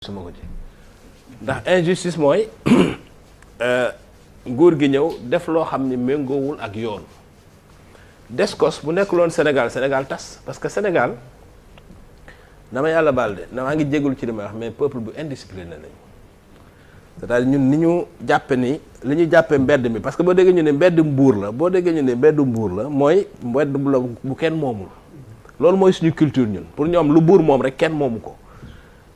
sama ko ci ndax injustice mooy euh, nguur gi ñëw def loo xam ni méngoowul ak yoon descos bu nekk Senegal senegal sénégal tas parce que Senegal dama yàlla de na maa ngi jégul ci li wax mais peuple bu indiscipliné lañ c'est-à-dire ñun ni ñu jàppe ni li ñu mbedd mi parce que bo déggee ñu ne mbedd mbuur la boo déggee ñu ne mbedd mbuur la mbedd bu la bu kenn moomul suñu culture ñun pour ñoom lu buur moom rek kenn ko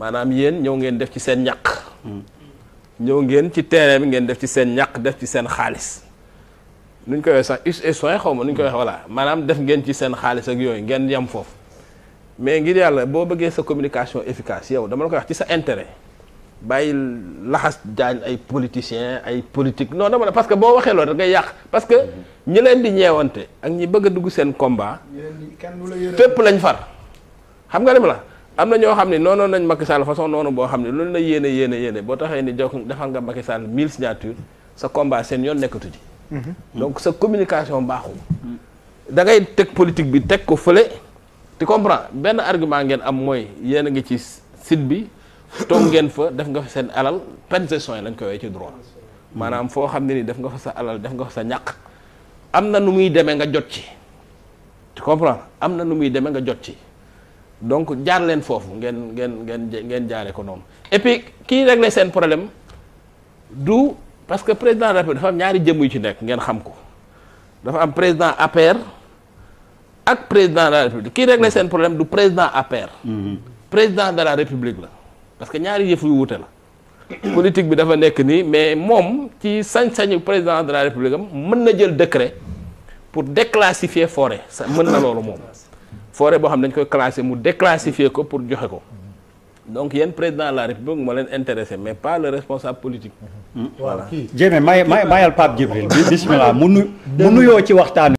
manam yeen ñew ngeen def ci seen ñak ñew ngeen ci terre bi ngeen def ci seen ñak def ci seen xaaliss nuñ koy sax us et soin xawma ma nuñ koy wax wala manam def ngeen ci seen xaaliss ak yoy ngeen yam fof mais ngir yalla bo beugé sa communication efficace yow dama la koy wax ci sa intérêt bayil lahas jaañ ay politiciens ay politique non dama parce que bo waxé lo da ngay yak parce que ñi leen di ñewante ak ñi bëgg dugg seen combat fepp lañ far xam nga lim la amna ñoo xamni ne noonu nañ Macky Sall façon noonu boo xam ne loolu la yéné yéné yéné bo taxé ni jox defal nga Macky Sall 1000 signatures sa combat seen yoon nekkatu ci. Mhm. donc sa communication baxu da ngay tek politique bi tek ko feulé tu comprends ben argument ngeen am moy yéen a ngi ci site bi toog ngeen fa def nga fa seen alal pension lañ koy wé ci droit manam fo xamni ni def nga fa sa alal def nga fa sa ñak amna nu muy démé nga jot ci tu comprends amna nu muy démé nga jot ci donc jaar len fofu ngén ngén ngén ngén jaare ko non. et puis qui régler sen problème du parce que président de la République dafa am ñaari jëmm yu ci nek ngén xam ko dafa am président APR ak président de la République Qui régler sen problème du président APR. Mhm. président de la République là. parce que ñaari yëf yu wuute la. politique bi dafa nek ni mais mom ci sañ-sañu président de la République am mën na jël décret pour déclassifier forêt mën na loolu moom forêt boo xam dañ koy classé mu déclassifier ko pour joxe ko donc yéen président de la république moo leen intéressé mais pas le responsable politique. voilà Jéeme may mayal Pape Djibril bisimilah mu nu mu nuyoo ci waxtaan